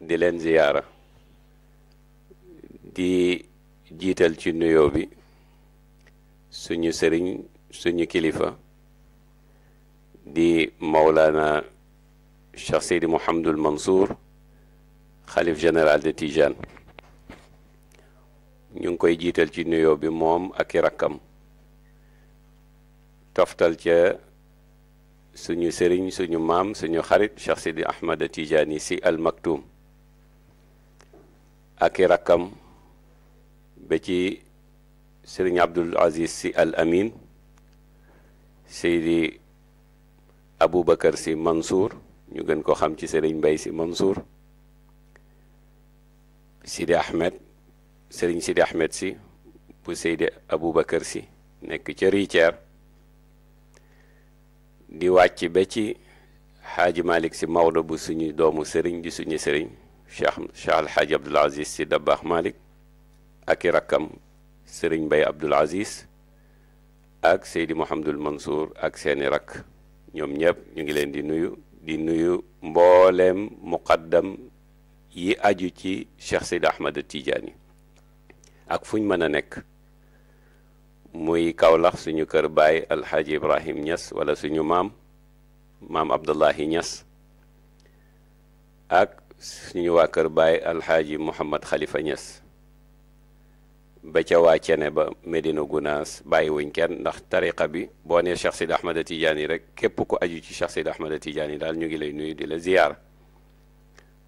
di leen ziyaara di jiital ci nuyoo bi suñu sëriñ suñu kilifa di Mawlana Cheikh Seydi Mouhamadul Mansour xalif général de Tijane ñu ngi koy jiital ci nuyoo bi moom ak i rakkam toftal ca suñu sëriñ suñu maam suñu xarit Cheikh Seydi Ahmad Tijani si al Maktoum ak i rakkam ba ci sëriñ Abdul Aziz si al amin seydi Aboubacar si Mansour ñu gën ko xam ci sëriñ Mbay si Mansour seydi Ahmed sëriñ seydi Ahmed si bu seydi Aboubacar si nekk ca Riceer di wàcc ba ci xaaji Malick si Maodo bu suñu doomu sëriñ di suñu sëriñ cheikh cheikh alxaaji abdul aziz si dabbaax malik ak i rakkam sëriñ bay abdul aziz ak seydi mouhamadul mansour ak seeni rakk ñoom ñëpp ñu ngi leen di nuyu di nuyu mbooleem muqaddam yi aju ci cheikh seydi ahmad tijaani ak fuñ mën a nekk muy kawlax suñu kër bay alxaaji ibrahim ñas wala suñu maam maam abdullahi ñas ak ñu waa kër baay alxaaji Mouhamad Khalifa Niass ba ca waa cene ba Medina Gunaas bàyyi wuñ kenn ndax tariqa bi boo nee Cheikh Sidi Ahmada Tidiane rek képp ko aju ci Cheikh Sidi Ahmada Tidiane daal ñu ngi lay nuyu di la ziyaar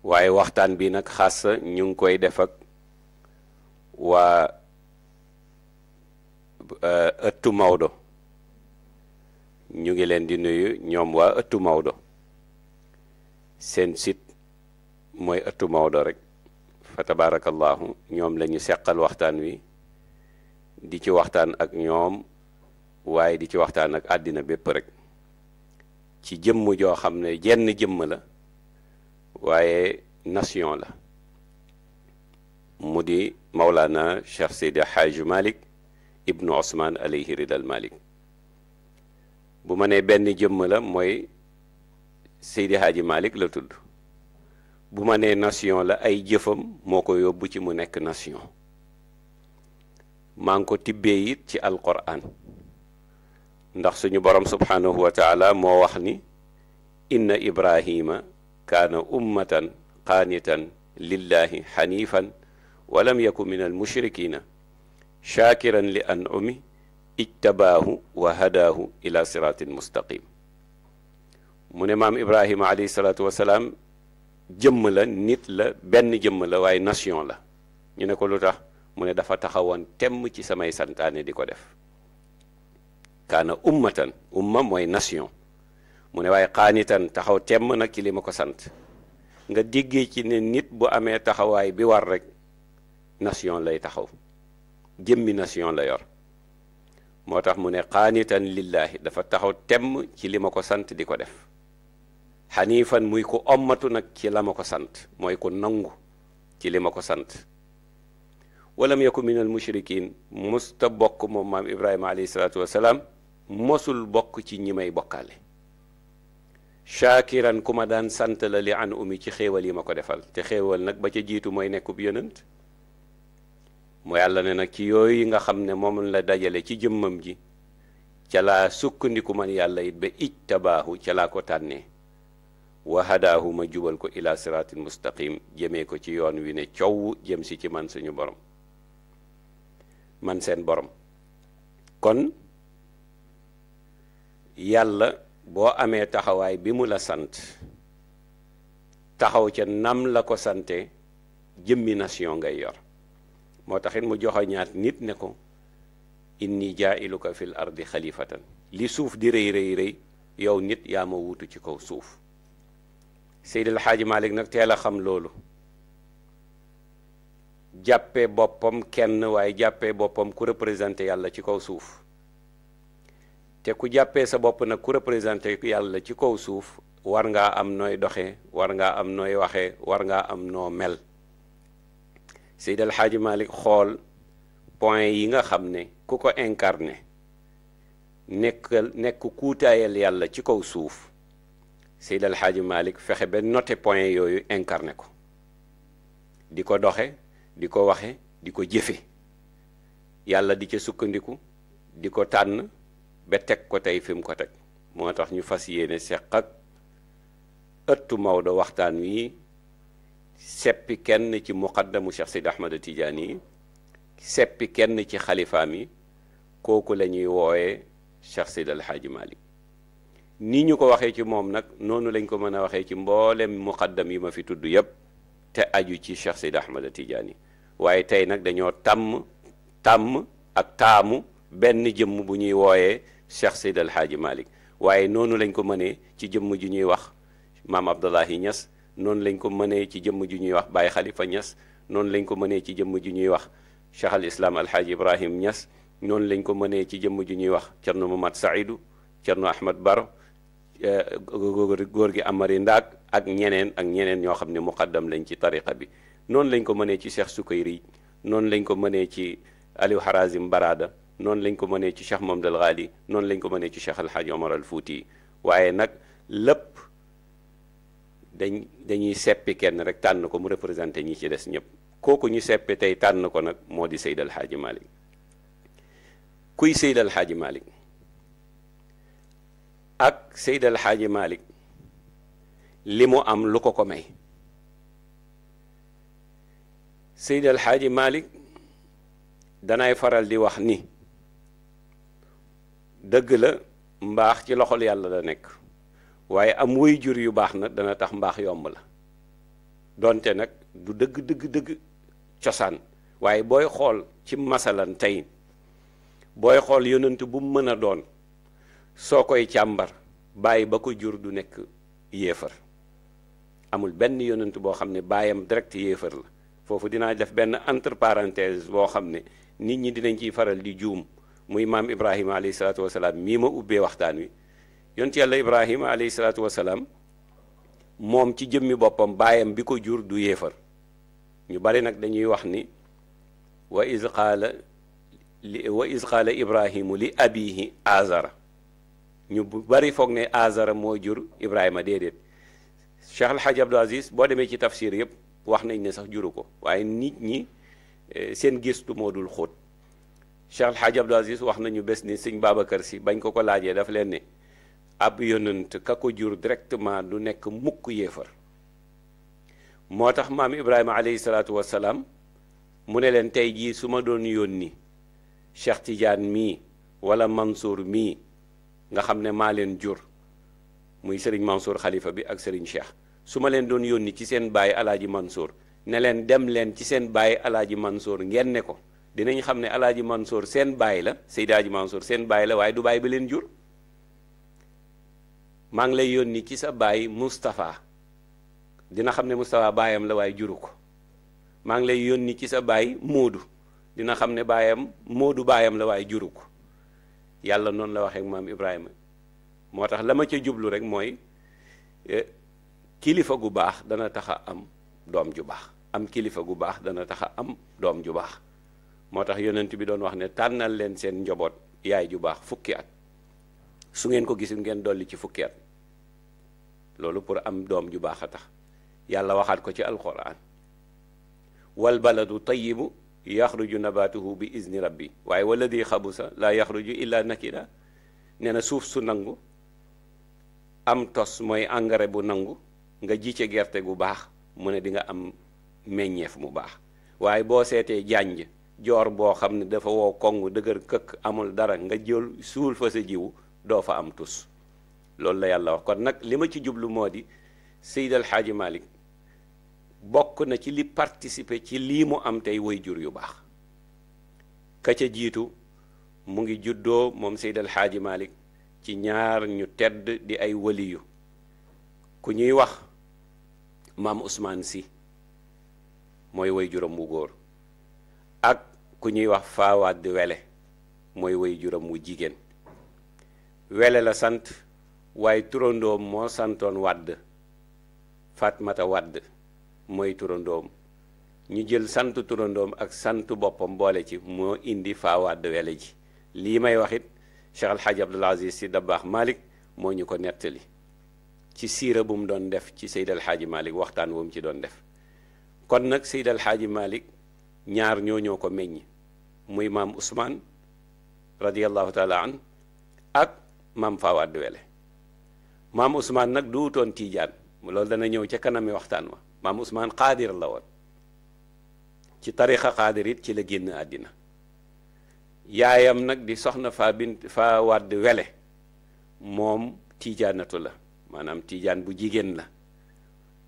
waaye waxtaan bi nag xas ñu ngi koy def waa eh, ëttu Maodo ñu ngi leen di nuyu ñoom waa ëttu Maodo seen sit mooy ëttu Maodo rek fa tabaarakallaahu ñoom lañu ñu seqal waxtaan wi di ci waxtaan ak ñoom waaye di ci waxtaan ak àddina bépp rek ci jëmm joo xam ne jenn jëmm la waaye nation la mu di Maulana Cheikh Seydi Hadj malik ibnu Ousmane alayhi ridal Malick bu ma nee benn jëmm la mooy Seydi Hadj Malick la tudd bu ma nee nation la ay jëfam moo ko yóbbu ci mu nekk nation maa ngi ko tibbee ci alquran ndax suñu borom subhanahu wa taala moo wax ni inna ibrahima kaana ummatan qaanitan lillahi xanifan walam yaku min al mushrikina shaakiran li an'umi ijtabaahu wa hadaahu ila siraatin mustaqim mu ne maam ibrahima alayhi salaatu wasalaam jëmm la nit la benn jëmm la waaye nation la ñu ne ko lu tax mu ne dafa taxawoon temm ci samay santaane di ko def kaana ummatan umma mooy nation mu ne waaye xaanitan taxaw temm na ci li ma ko sant nga déggee ci ne nit bu amee taxawaay bi war rek nation lay taxaw jëmmi nation la yor moo tax mu ne xaanitan lillaahi dafa taxaw temm ci li ma ko sant di ko def xaniifan muy ku ommatu nag ci la ma ko sant mooy ku nangu ci li ma ko sant walam yaku minal mushrikin musta bokk moom maam ibrahima alayhi salaatu wasalaam mosul bokk ci ñi may bokkaale shaakiran ku ma daan sant la li an umi ci xéewal yi ma ko defal te xéewal nag ba ca jiitu mooy nekkub yonent mu yàlla ne nag ci yooyu nga xam ne moom la dajale ci jëmmam ji ca laa sukkandiku man yàlla it ba ijtabaahu ca laa ko tànnee wa jubal ko ila siraatil mustaqim jëmee ko ci yoon wi ne coow jëm si ci man suñu borom man seen borom kon yàlla boo amee taxawaay bi mu la sant taxaw ca nam la ko sante jëmmi nation ngay yor moo taxit mu joxoñaat nit ne ko inni jaa'iluka fil ardi xalifatan li suuf di rëy rëy rëy yow nit yaa ma wutu ci kaw suuf Seydil Xaaji Malik nag teel a xam loolu jàppe boppam kenn waaye jàppe boppam ku représenté yàlla ci kaw suuf te ku jàppee sa bopp nag ku représenté yàlla ci kaw suuf war ngaa am nooy doxe war ngaa am nooy waxe war ngaa am noo mel Seydil Xaaji Malik xool point yi nga xam ne ku ko incarné nekkal nekk kuutaayal yàlla ci kaw suuf Seydi El Hadji fexe ba notte point yooyu incarné ko di ko doxe di ko waxe di ko jëfe yàlla di ca sukkandiku di ko tànn ba teg ko tey fi mu ko teg moo tax ñu fas yéene seq ak ëttu Maodo waxtaan wi seppi kenn ci muqaddamu Cheikh Seydi Ahmada Tidiane yi seppi kenn ci xalifaam yi kooku la ñuy wooyee Cheikh Seydi El Hadji Malick ni ñu ko waxee ci moom nag noonu lañ ko mën a waxee ci mboolem muqaddam yi ma fi tudd yëpp te aju ci Cheikh Seydi Ahmad Tidiane waaye tey nag dañoo tàmm tàmm ak taamu benn jëmm bu ñuy wooye Cheikh Seydi El Hadji Malick waaye noonu lañ ko mënee ci jëmm ju ñuy wax maam Abdoulahi Niass noonu lañ ko mënee ci jëmm ju ñuy wax Baye Khalifa ñas noonu lañ ko mënee ci jëmm ju ñuy wax Cheikh al Islam El Hadji Ibrahim Niass noonu lañ ko mënee ci jëmm ju ñuy wax Thierno Mohamed Saïdou Thierno Ahmed Baro. góor gi amari ndaak ak ñeneen ak ñeneen ñoo xam ne muqaddam lañ ci tariqa bi noonu lañ ko mënee ci Cheikh Sukayri noonu lañ ko mënee ci Aliou Harazim baraada noonu lañ ko mënee ci Cheikh Mohamed Al Ghali noonu lañ ko mënee ci Cheikh Al Hadj Omar Al Fouti waaye nag lépp dañ dañuy seppi kenn rek tànn ko mu représenté ñi ci des ñëpp kooku ñu seppi tey tànn ko nag moo di Seydal Hadji Malick kuy Seydal Hadji Malick ak Seydi El Hadji Malick li mu am lu ko ko may Seydi El Hadji Malick danay faral di wax ni dëgg la mbaax ci loxol yàlla la nekk waaye am way jur yu baax na dana tax mbaax yomb la donte nag du dëgg dëgg dëgg cosaan waaye booy xool ci masalan tey booy xool yonent bu mu mën a doon soo koy càmbar bàyyi ba ko jur du nekk yéefar amul benn yonent boo xam ne baayam direct yéefar la foofu dinaa def benn entre parenthèse boo xam ne nit ñi dinañ ciy faral di juum muy maam Ibrahima alayhi salaatu wa mii ma ubbee waxtaan wi yonent yàlla Ibrahima alayhi salaatu wa moom ci jëmmi boppam baayam bi ko jur du yéefar ñu bari nag dañuy wax ni wa iz qaala li wa Ibrahimu li abihi azara ñu bari foog ne azara moo jur ibrahima déedéet Cheikh El Hadj Abdou Aziz boo demee ci tafsir yëpp wax nañ ne sax juru ko waaye nit ñi eh, seen gistu moo dul xóot Cheikh El Hadj Abdou Aziz wax nañu bés ni sëñ Babacar si bañ ko ko laajee daf leen ne ab yonant ka ko jur directement du nekk mukk yéefar moo tax maam Ibrahima aleyhi salaatu wa salaam mu ne leen tey jii su ma doon yónni Cheikh Tidiane mii walla Mansour mii. nga xam ne maa leen jur muy Serigne Mansour xalifa bi ak sëriñ Cheikh su ma leen doon yónni ci seen baay alaaji Mansour ne leen dem leen ci seen baay alaaji Mansour ngeen ne ko dinañ xam ne alaaji Mansour seen baay la Seydi Alaaji Mansour seen baay la waaye du baay ba leen jur maa ngi lay yónni ci sa baay Moustapha dina xam ne Moustapha baayam la waaye juru ko maa ngi lay yónni ci sa baay Moodu dina xam ne baayam Moodu baayam la waaye juru ko yàlla noonu la waxee ak maam Ibrahima moo tax lama ma ca jublu rek mooy e, kilifa gu baax dana tax a am doom ju baax am kilifa gu baax dana tax a am doom ju baax moo tax yonent bi doon wax ne tànnal leen seen njaboot yaay ju baax fukki at su ngeen ko gisul ngeen dolli ci fukki at loolu pour am doom ju baax a tax yàlla waxaat ko ci alquran wal baladu yaxruju nabaatuhu bi izni rabbi waaye xabu sax laa yaxruju illa nakida nee na suuf su nangu am tos mooy engrais bu nangu nga ji ci gerte gu baax mu ne dinga am meññeef mu baax waaye boo seetee jànj joor boo xam ne dafa wow kong dëgër këkk amul dara nga jël suul fa sa jiwu doo fa am tus loolu la yàlla wax kon nag li ma ci jublu moo di Seydal Xaaji Malik bokk na ci li participer ci lii mu am tey way jur yu baax ka ca jiitu mu ngi juddoo moom Seyd El Hadji ci ñaar ñu tedd di ay wëliyu ku ñuy wax maam Ousmane si mooy way juram wu góor ak ku ñuy wax Fawad Wele mooy way juram wu jigéen Wele la sant waaye turandoom moo santoon Wàdd Fatmata Wàdd mooy turandoom ñu jël sant turandoom ak sant boppam boole ci moo indi faawaad wele ji lii may waxit it Cheikh Al Hadj Abdoul Aziz Sy Dabakh Malick moo ñu ko nettali ci siira bu mu doon def ci Seydal Hadji malik waxtaan wu mu ci doon def kon nag Seydal Hadji malik ñaar ñoo ñoo ko meññ muy maam Ousmane radiyallahu taala an ak maam Fawad Wele maam Ousmane nag duutoon Tiijaan loolu dana ñëw ca kanami waxtaan wa maam Ousmane xaadir la woon ci tarixa xaadir it ci la génn àddina yaayam nag di soxna faa bint faa wadd wele moom tiijaanatu la maanaam tiijaan bu jigéen la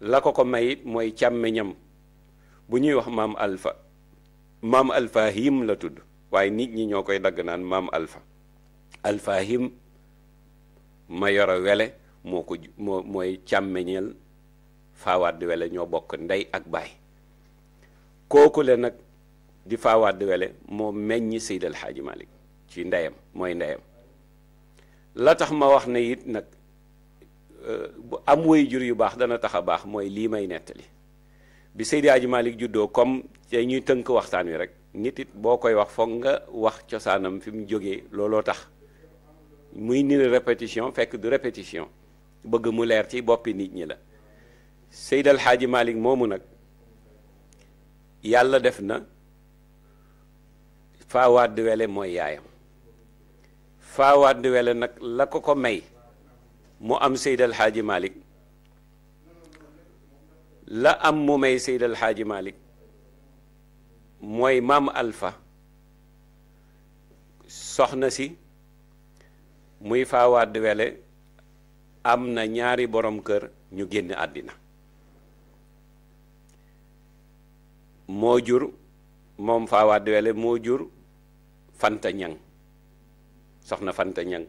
la ko ko may it mooy càmmeñam bu ñuy wax maam alfa maam alfahim la tudd waaye nit ñi ñoo koy dagg naan maam alfa alfahim ma yoro wele moo ko moo mooy càmmeñel faawaat di ñoo bokk ndey ak baay kooku le nag di faawaat di wele moo meññ Seydi El Hadji Malick ci ndeyam mooy ndeyam la tax ma wax na it nag euh, bu am way jur yu baax dana tax a baax mooy lii may nettali bi Seydi Hadji Malick juddoo comme te ñuy tënk waxtaan wi rek nit it boo koy wax foog nga wax cosaanam fi mu jógee looloo tax muy nil répétition fekk du répétition bëgg mu leer ci boppi nit ñi la Seydi El malik moomu nag yàlla def na faawaad wele mooy yaayam faawaad wele nag la ko ko may mu am Seydi El malik la am mu may Seydi El Hadji mooy maam alfa soxna si muy faawaad wele am na ñaari borom kër ñu génn àddina moo jur moom faawaat wele moo jur fanta ñang soxna fanta ñang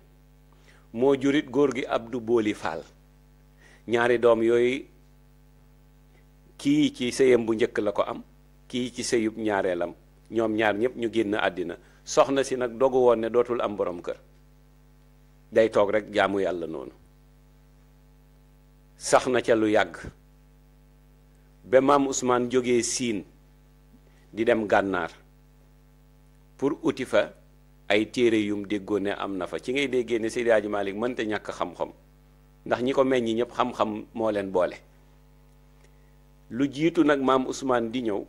moo jurit góor gi ab du booli faal ñaari doom yooyu kii ci sëyam bu njëkk la ko am kii ci sëyub ñaareelam ñoom ñaar ñëpp ñu génn àddina soxna si nag dogu woon ne dootul am boroom kër day toog rek jaamu yàlla noonu sax na ca lu yàgg ba maam Ousmane jógee siin di dem gànnaar pour uti fa ay téere yum déggoon ne am na fa ci ngay déggee ne Seydi Hadji Malick mënta ñàkk xam-xam ndax ñi ko mel ñi ñëpp xam-xam moo leen boole lu jiitu nag maam Ousmane di ñëw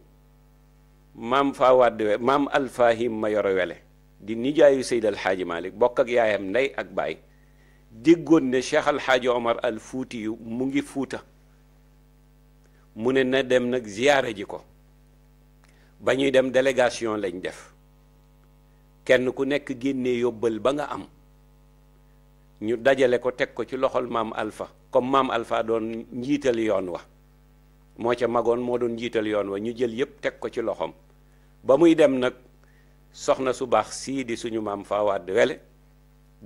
maam Fawade maam Alfahim ma yoro wele di nijaayu Seydi El Hadji Malick bokk ak yaayam ndey ak baay déggoon ne Cheikh Al Hadji Omar al Fuuti yu mu ngi fuuta mu ne na dem nag ziyaare ji ko ba ñuy dem délégation lañ def kenn ku nekk génnee yóbbal ba nga am ñu dajale ko teg ko ci loxol maam Alpha comme maam Alpha doon njiital yoon wa moo ca magoon moo doon njiital yoon wa ñu jël yépp teg ko ci loxoom ba muy dem nag soxna su baax sii di suñu maam Fawade Wele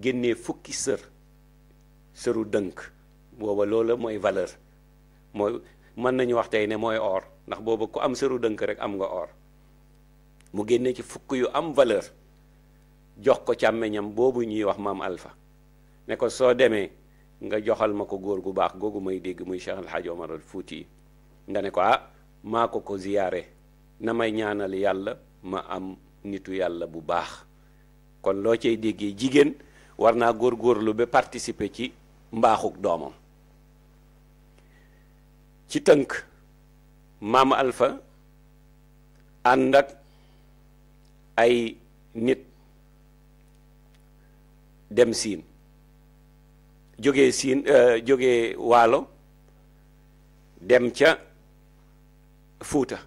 génnee fukki sër sëru dënk booba loola mooy valeur mooy mën nañu wax tey ne mooy or ndax booba ku am sëru dënk rek am nga or mu génne ci fukk yu am valeur jox ko càmmeñam boobu ñuy wax maam Alpha ne ko soo demee nga joxal ma ko góor gu baax googu may dégg muy Cheikh El Hadj Omar al Fouti yi nga ne ko ah maa ko ko ziyaare na may ñaanal yàlla ma am nitu yàlla bu baax kon loo ci déggee jigéen war naa góorlu ba participer ci mbaaxug doomam ci tënk maam Alpha ànd ak ay nit dem siin jóge siin euh, jóge waalo dem ca fuuta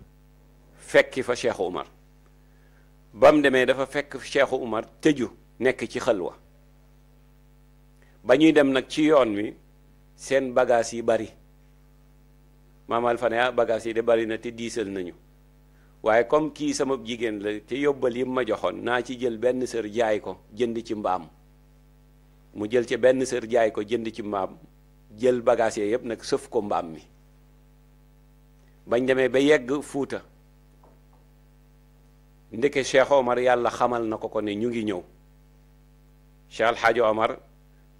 fekki fa cheikhu umar ba demee dafa fekk cheikhu umar tëju nekk ci xalwa ba ñuy dem nag ci yoon wi seen bagage yi bari maamal fa ne ah bagage yi de bari na te diisal nañu waaye comme kii sama jigéen la te yóbbal yi ma joxoon naa ci jël benn sër jaay ko jënd ci mbaam mu jël ci benn sër jaay ko jënd ci mbaam jël bagaas yee yëpp nag sëf ko mbaam mi bañ demee ba yegg fuuta ndeke Cheikh mar yàlla xamal na ko ko ne ñu ngi ñëw Cheikh El Hadj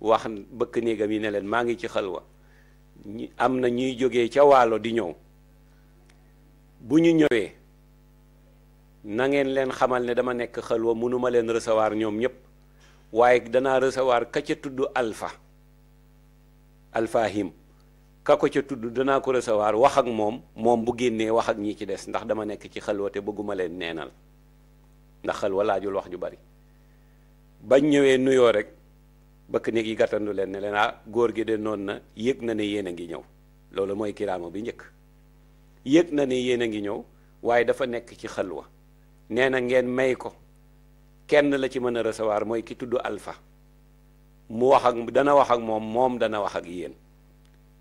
wax bëkk néegam yi ne leen maa ngi ci xalwa am na ñuy jóge ca waalo di ñëw bu ñu ñëwee na ngeen leen xamal ne dama nekk xalwa mënuma leen recevoir ñoom ñëpp waaye danaa recevoir ka ca tudd alfa alfa alfahim ka ko ca tudd danaa ko recevoir wax ak moom moom bu génnee wax ak ñii ci des ndax dama nekk ci xalwa te bëgguma leen neenal ndax xalwa laajul wax ju bari bañ ñëwee nuyoo rek bëkk néeg yi gàttandu leen ne leen ah góor gi de noon na yëg na ne yéen a ngi ñëw loolu mooy kiraama bi njëkk yëg na ne yéen a ngi ñëw waaye dafa nekk ci xalwa nee na ngeen may ko kenn la ci mën a recevoir mooy ki tudd alpha mu wax ak dana wax ak moom moom dana wax ak yéen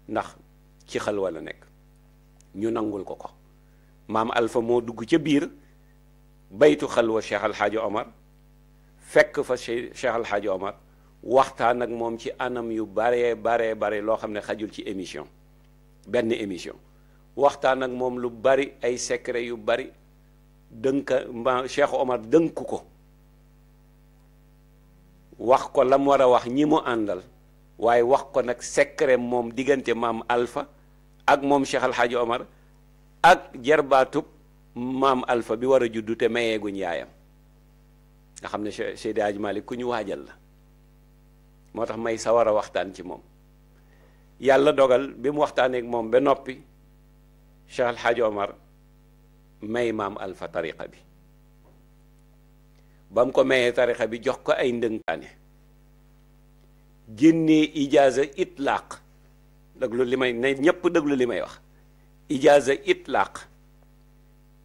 ndax ci xalwa la nekk ñu nangul ko ko maam alpha moo dugg ca biir baytu xalwa cheikh alxaaji omar fekk fa cheikh alxaaji omar waxtaan ak moom ci anam yu baree baree bare loo xam ne xajul ci émission benn émission waxtaan ak moom lu bari ay secret yu bari dënka ma Cheikh Omar dënk ko wax ko la mu war a wax ñi mu àndal waaye wax ko nag secret moom diggante maam alfa ak moom Cheikh Al Omar ak jarbaatub maam Alpha bi war a juddu te mayeeguñ yaayam nga xam ne Seydi Hadj ku ñu waajal la moo tax may sa war a waxtaan ci moom yàlla dogal bi mu waxtaaneek moom ba noppi Cheikh Al Omar may maam alfa tariqa bi ba mu ko mayee tariqa bi jox ko ay ndënkaane génnee ijaaza itlaaq déglu li may ne ñépp déglu li may wax ijaaza itlaaq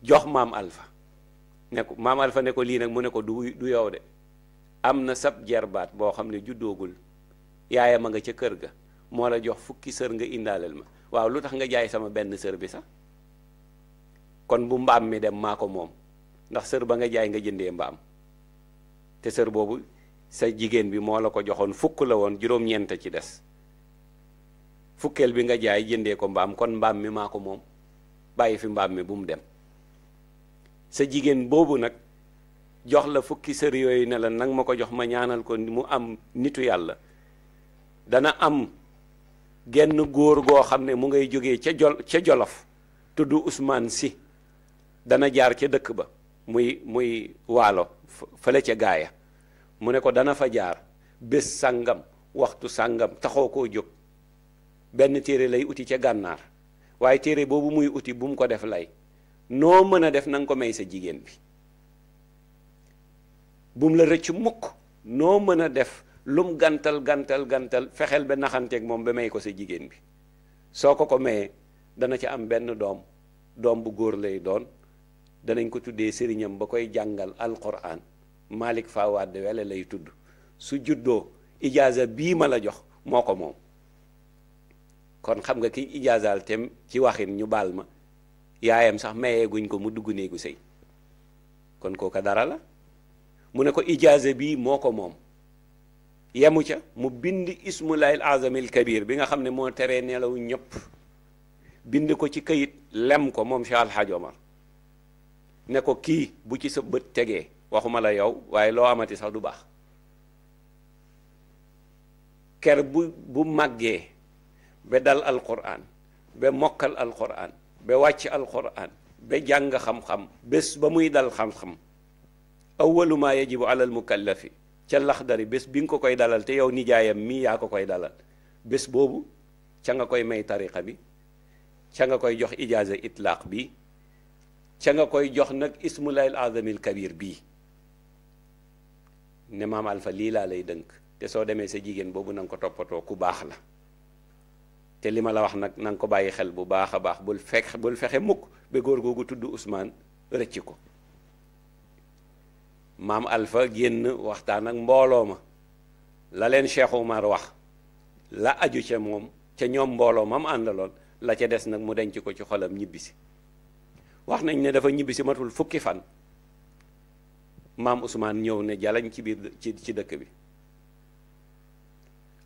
jox maam alfa ne ko maam alfa ne ko lii nag mu ne ko du du yow de am na sab jerbaat boo xam ne juddoogul yaayam a nga ca kër ga moo la jox fukki sër nga indaaleel ma waaw lu tax nga jaay sama benn sër bi sax kon bu mbaam mi dem maa ko moom ndax sër ba nga jaay nga jëndee mbaam te sër boobu sa jigéen bi moo la ko joxoon fukk la woon juróom-ñeent ci des fukkeel bi nga jaay jëndee ko mbaam kon mbaam mi maa ko moom bàyyi fi mbaam mi bu mu dem sa jigéen boobu nag jox la fukki sër yooyu ne la nag ma ko jox ma ñaanal ko mu am nitu yàlla dana am genn góor goo xam ne mu ngay jóge ca ca jolof tudd usmaan si dana jaar ca dëkk ba muy muy waalo fële ca gaaya mu ne ko dana fa jaar bés sàngam waxtu sàngam taxoo ko jóg benn téere lay uti ca gànnaar waaye téere boobu muy uti bu mu ko def lay noo mën a def na ko may sa jigéen bi bu la rëcc mukk noo mën a def lum gantal gantal gantal fexeel ba naxanteek moom ba may ko sa jigéen bi soo ko ko mayee dana ca am benn doom doom bu góor lay doon danañ ko tuddee sëriñam ba koy jàngal alquran Malick Fawade wele lay tudd su juddoo ijaaza bii ma la jox moo ko moom kon xam nga ki ijaazaal tem ci waxin ñu baal ma yaayam sax mayee guñ ko mu dugg néegu sëy kon kooka dara la mu ne ko ijaaza bii moo ko moom yemu ca mu bind ismulaahil azamil kabir bi nga xam ne moo teree nelaw ñëpp bind ko ci këyit lem ko moom Cheikh Al Hadj ne ko kii bu ci sa bët tegee waxuma la yow waaye loo amati sax du baax ker bu bu màggee ba dal alquran ba mokkal alquran ba wàcc alquran ba jàng xam-xam bés ba muy dal xam-xam awwalu ma yajibu alal mukallafi ca laxdari bés bi nga ko koy dalal te yow nijaayam mi yaa ko koy dalal bés boobu ca nga koy may tariqa bi ca nga koy jox ijaaza itlaaq bi ca nga koy jox nag ismulahil azamil kabir bii ne maam alfa lii laa lay dënk te soo demee sa jigéen boobu na ko toppatoo ku baax la te li ma la wax nag na ko bàyyi xel bu baax a baax bul fekk bul fexe mukk ba góor googu tudd usmaan rëcc ko maam alfa génn waxtaan ak mbooloo ma la leen Cheikh Oumar wax la aju ca moom ca ñoom mbooloo mam àndaloon la ca des nag mu denc ko ci xolam ñibbisi wax nañ ne dafa ñibbi si matul fukki fan maam Ousmane ñëw ne jalañ ci biir ci dëkk bi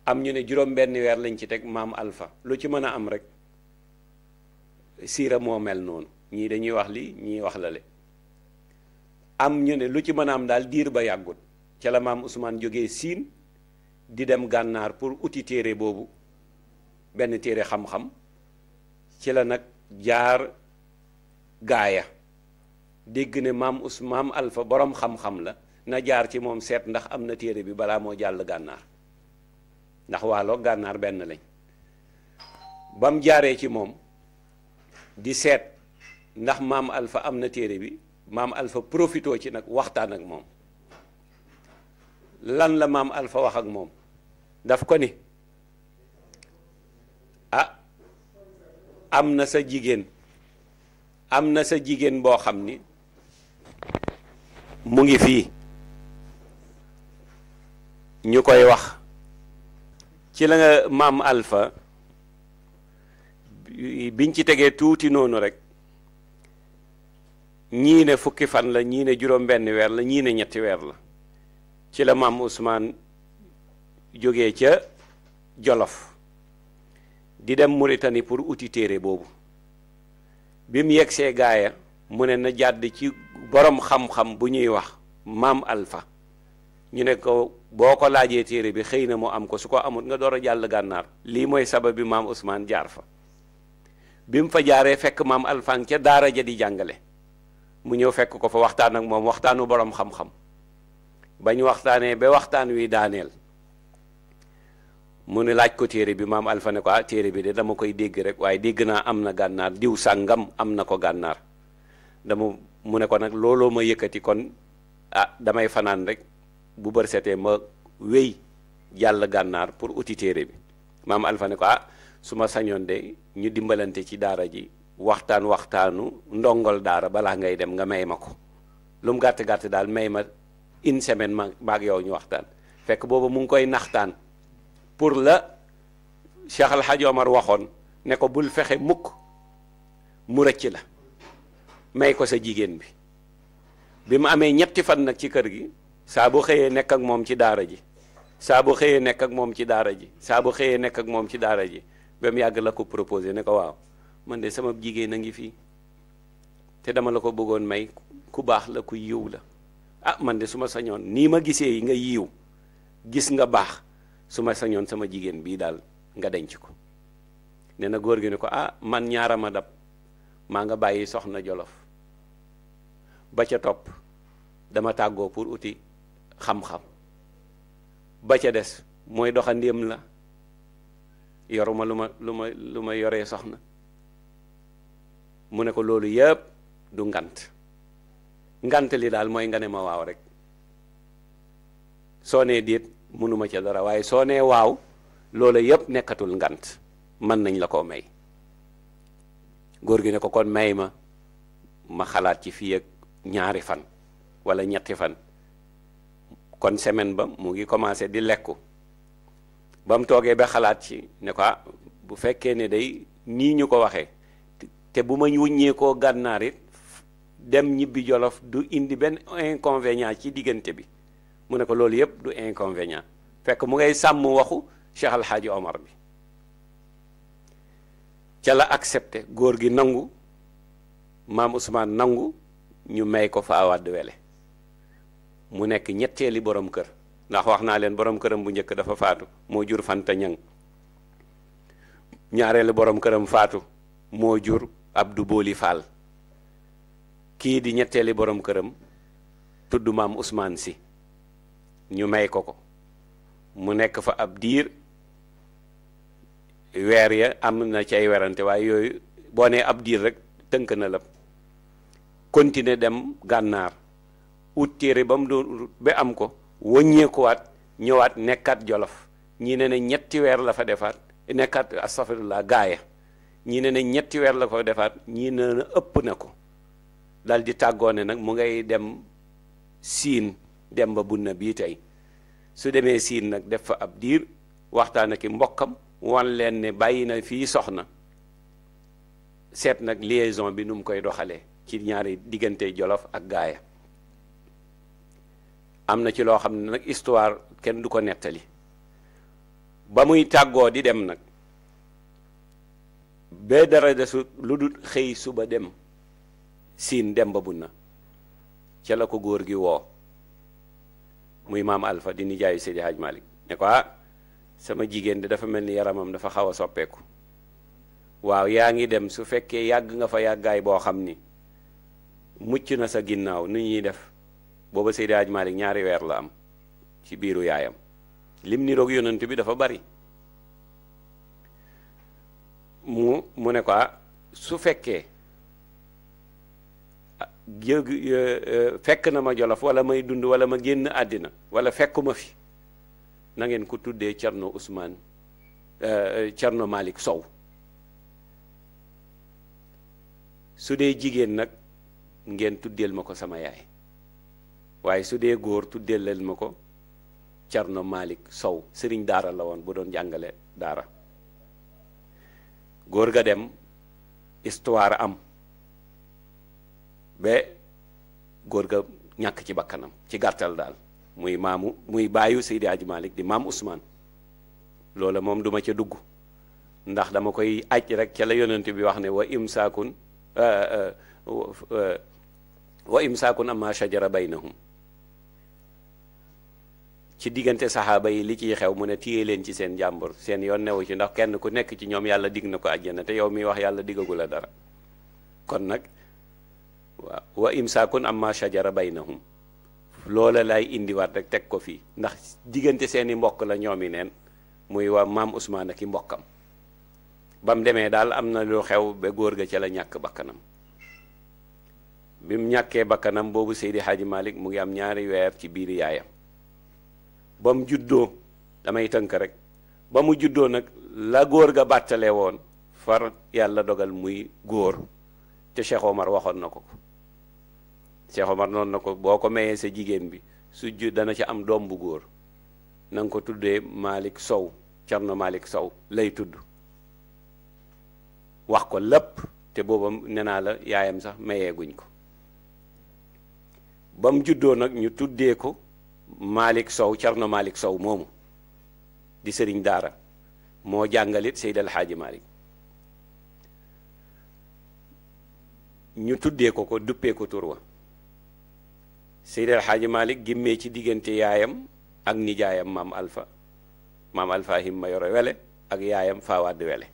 am ñu ne juróom benn weer lañ ci teg maam alfa lu ci mën a am rek siira moo mel noonu ñii dañuy wax lii ñii wax la le am ñu ne lu ci mën a am daal diir ba yàggut ca la maam Ousmane jógee siin di dem gànnaar pour uti téere boobu benn téere xam-xam ci la nag jaar gaaya dégg ne maam us maam alfa boroom xam-xam la na jaar ci moom seet ndax am na téere bi balaa moo jàll gànnaar ndax waalo gànnaar benn lañ bam jaaree ci moom di seet ndax maam alfa am na téere bi maam alfa profitoo ci nag waxtaan ak moom lan la maam alfa wax ak moom daf ko ni a ah, am na sa jigéen am na sa jigéen boo xam ni mu ngi fii ñu koy wax ci la nga maam Alpha biñ ci tegee tuuti noonu rek ñii ne fukki fan la ñiine ne juróom-benn weer la ñiine ñetti weer la ci la maam Ousmane jógee ca Jolof di dem Mauritanie pour uti téere boobu bi mu yegsee gaaya mu ne na jàdd ci borom xam-xam bu ñuy wax maam alfa ñu ne ko boo ko laajee téere bi xëy na mu am ko su ko amut nga door a jàll gànnaar lii mooy sabab bi maam Ousmane jaar fa bi mu fa jaaree fekk maam alfa ca daara ja di jàngale mu ñëw fekk ko fa waxtaan ak moom waxtaanu boroom xam-xam ba ñu waxtaanee ba waxtaan wi daaneel mu ne laaj ko téere bi maam Alfa ne ko ah téere bi de dama koy dégg rek waaye dégg naa am na gànnaar diw sàngam am na ko gànnaar dama mu ne ko nag looloo ma yëkkati kon ah damay fanaan rek bu bër setee ma wéy jàll gànnaar pour uti téere bi maam Alfa ne ko ah su ma sañoon de ñu dimbalante ci daara ji waxtaan waxtaanu ndongol daara balaa ngay dem nga may ma ko lu mu gàtt gàtt daal may ma une semaine ma maag yow ñu waxtaan fekk booba mu ngi koy naxtaan. pour la Cheikh Al Hadj waxoon ne ko bul fexe mukk mu rëcc la may ko sa jigéen bi bi mu amee ñetti fan nag ci kër gi saa bu xëyee nekk ak moom ci daara ji saa bu xëyee nekk ak moom ci daara ji saa xëyee nekk ak moom ci daara ji ba yàgg la ko proposé ne ko waaw man de sama jigéen a ngi fii te dama la ko bëggoon may ku baax la ku yiw la ah man de su ma sañoon nii ma gisee yi nga yiw gis nga baax su ma sañoon sama jigéen bii daal nga denc ko nee na góor gi ne ko ah man ñaarama dab maa nga bàyyi soxna jolof ba ca topp dama tàggoo pour uti xam-xam ba ca des mooy doxandéem la yoruma lu ma lu ma lu ma yoree soxna mu ne ko loolu yépp du ngant ngant li daal mooy nga ne ma waaw rek soo nee déet mënuma ca dara waaye soo nee waaw loola yëpp nekkatul ngant mën nañ la koo may góor gi ne ko kon may ma ma xalaat ci fii ak ñaari fan wala ñetti fan kon semaine ba mu ngi commencé di lekku ba mu toogee ba xalaat ci ne ko ah bu fekkee ne day nii ñu ko waxee te bu ma wuññeekoo koo it dem ñibbi jolof du indi benn inconvénient ci diggante bi mu ne ko loolu yëpp du inconvénient fekk mu ngay sàmm waxu Cheikh Al Hadj bi cala la accepté góor gi nangu maam Ousmane nangu ñu may ko fa awaad mu nekk ñetteeli boroom kër ndax wax naa leen boroom këram bu njëkk dafa faatu moo jur Fanta Ñang ñaareelu boroom këram faatu moo jur Abdou Boli Fall kii di ñetteeli boroom këram tudd maam Ousmane si ñu may ko ko mu nekk fa ab diir weer ya am na ci ay werante waaye yooyu boo nee ab diir rek tënk na la continuer dem gànnaar ut téere ba mu doon ba am ko wëññeekuwaat ñëwaat nekkaat jolof ñii ne ne ñetti weer la fa defaat nekkaat astafirullah gaaya ñii ne ne ñetti weer la ko defaat ñii ne na ëpp na ko dal di tàggoone nag mu ngay dem siin Demba na bii tey su demee siin nag def fa ab diir waxtaan aki i mbokkam wan leen ne bàyyi na fii soxna seet nag liaison bi nu mu koy doxalee ci ñaari diggante Jolof ak Gaaya am na ci loo xam ne nag histoire kenn du ko nettali ba muy tàggoo di dem nag ba dara desu lu dul xëy suba dem siin Demba na ca la ko góor gi woo muy maam Alpha di nijaayu séedi Hadj Malick ne ko ah sama jigéen de dafa mel ni yaramam dafa xaw a soppeeku waaw yaa ngi dem su fekkee yàgg nga fa yàggaay boo xam ni mucc na sa ginnaaw nu ñuy def booba Seydi Hadj Malick ñaari weer la am ci biiru yaayam lim niroog yonent bi dafa bari mu mu ne ko ah, su fekkee jëg e, e, fekk na ma jolof wala may dund wala ma génn àddina wala fekkuma fi nangeen ko tuddee Thierno Ousmane Thierno e, malik Sow su dee jigéen nag ngeen tuddeel ma ko sama yaay waaye su dee góor tuddeelal ma ko Thierno malik Sow sëriñ daara la woon bu doon jàngale daara góor ga dem histoire am ba góor ga ñàkk ci bakkanam ci gàttal daal muy maamu muy bàyyu Seydi Hadji Malick di maam Ousmane loola moom duma ca dugg ndax dama koy aj rek ca la yonent bi wax ne wa imsaakun euh, euh, euh, wa imsaakun amma shajara baynahum ci diggante saxaaba yi li ciy xew mu ne téye leen ci seen jàmbur seen yoon newu ci ndax kenn ku nekk ci ñoom yàlla digg na ko àjjana te yow miy wax yàlla digagu la dara kon nag waaw wa imsaakun amma shajara baynahum loola lay indiwaat rek teg ko fii ndax diggante seeni mbokk la ñoomi neen muy waa maam Ousmane ak i mbokkam ba mu demee daal am na lu xew ba góor ga ca la ñàkk bakkanam bi ñàkkee bakkanam boobu Seydi Hadji Malick mu ngi am ñaari weer ci biir yaayam ba juddoo damay tënk rek ba mu juddoo nag la góor ga bàttale woon far yàlla dogal muy góor te Cheikh Omar waxoon na ko ko Cheikh Omar noonu na ko boo ko mayee sa jigéen bi su ju dana ci am doom bu góor na ko tuddee Malick Sow Thierno Malick Sow lay tudd wax ko lépp te booba nee naa la yaayam sax mayeeguñ ko ba juddoo nag ñu tuddee ko Malick Sow Thierno Malick Sow moomu di sëriñ daara moo jàngalit Seydi El Hadji Malick ñu tuddee ko ko duppee ko tur wa Seydi El Hadji Malick ci diggante yaayam ak nijaayam maam alfa maam Alpha Himma Yoro Wele ak yaayam Fawad Wele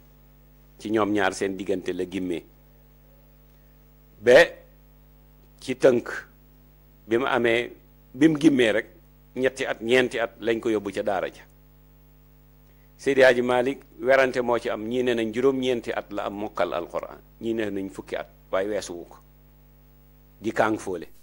ci ñoom ñaar seen diggante la gémmee ba ci tënk bi mu amee bi mu gimmee rek ñetti at ñeenti at lañ ko yóbbu ca daara ja Seydi Hadji Malick werante moo ci am ñii ne nañ juróom-ñeenti at la am mokkal alquran ñii ne nañ fukki at waaye weesuwu ko di kàng fóole